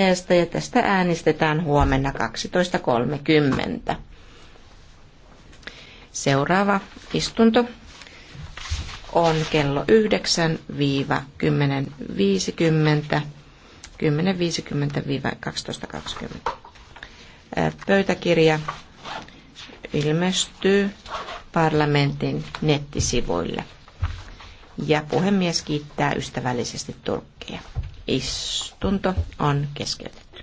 aiheesta ja tästä äänestetään huomenna 12.30. Seuraava istunto on kello 9-10.50, 10.50-12.20. Pöytäkirja ilmestyy parlamentin nettisivuille. Ja puhemies kiittää ystävällisesti Turkkia. Istunto on keskeytetty.